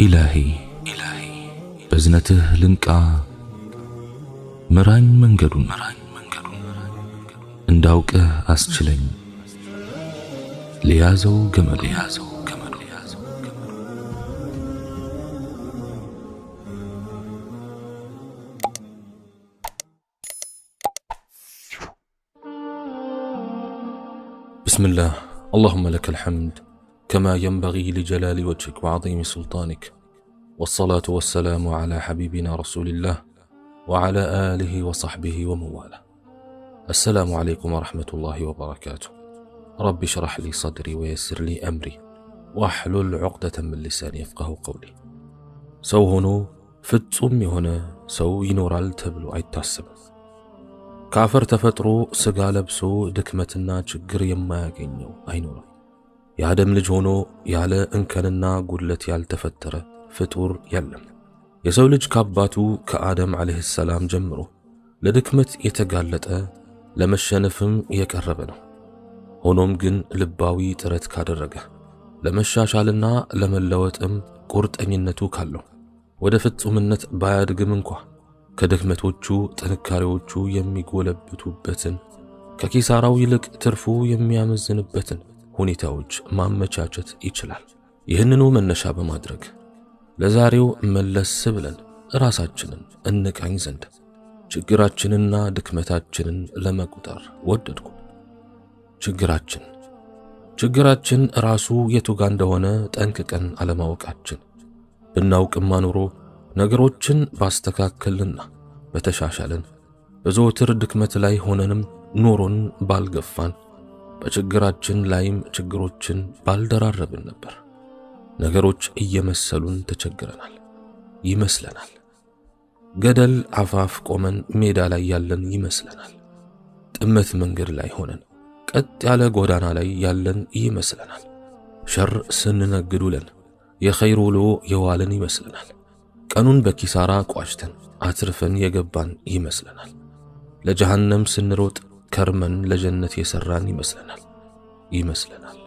إلهي إلهي بزنته لنكا مران منقلون مران منقلون انداوك أسجلين ليازو قمر ليازو قمر ليازو قمر بسم الله اللهم لك الحمد كما ينبغي لجلال وجهك وعظيم سلطانك والصلاة والسلام على حبيبنا رسول الله وعلى آله وصحبه ومواله السلام عليكم ورحمة الله وبركاته رب اشرح لي صدري ويسر لي أمري واحلل عقدة من لساني يفقه قولي سو هنو هنا سو ሰው تبلو ተብሎ አይታሰብም። كافر ተፈጥሮ سقالبسو دكمتنا ድክመትና ችግር اينو አይኖርም። የአደም ልጅ ሆኖ ያለ እንከንና ጉድለት ያልተፈጠረ ፍጡር የለም። የሰው ልጅ ከአባቱ ከአደም ዓለይሂ ሰላም ጀምሮ ለድክመት የተጋለጠ ለመሸነፍም የቀረበ ነው። ሆኖም ግን ልባዊ ጥረት ካደረገ ለመሻሻልና ለመለወጥም ቁርጠኝነቱ ካለው ወደ ፍጹምነት ባያድግም እንኳ ከድክመቶቹ ጥንካሬዎቹ የሚጎለብቱበትን ከኪሳራው ይልቅ ትርፉ የሚያመዝንበትን ሁኔታዎች ማመቻቸት ይችላል። ይህንኑ መነሻ በማድረግ ለዛሬው መለስ ብለን ራሳችንን እንቃኝ ዘንድ ችግራችንና ድክመታችንን ለመቁጠር ወደድኩ። ችግራችን ችግራችን ራሱ የቱጋ እንደሆነ ጠንቅቀን አለማወቃችን ብናውቅማ ኑሮ ነገሮችን ባስተካከልና በተሻሻልን በዘወትር ድክመት ላይ ሆነንም ኑሮን ባልገፋን በችግራችን ላይም ችግሮችን ባልደራረብን ነበር። ነገሮች እየመሰሉን ተቸግረናል ይመስለናል። ገደል አፋፍ ቆመን ሜዳ ላይ ያለን ይመስለናል። ጥመት መንገድ ላይ ሆነን ቀጥ ያለ ጎዳና ላይ ያለን ይመስለናል። ሸር ስንነግድ ውለን የኸይር ውሎ የዋልን ይመስለናል። ቀኑን በኪሳራ ቋጭተን አትርፈን የገባን ይመስለናል። ለጀሃነም ስንሮጥ ከርመን ለጀነት የሰራን ይመስለናል ይመስለናል።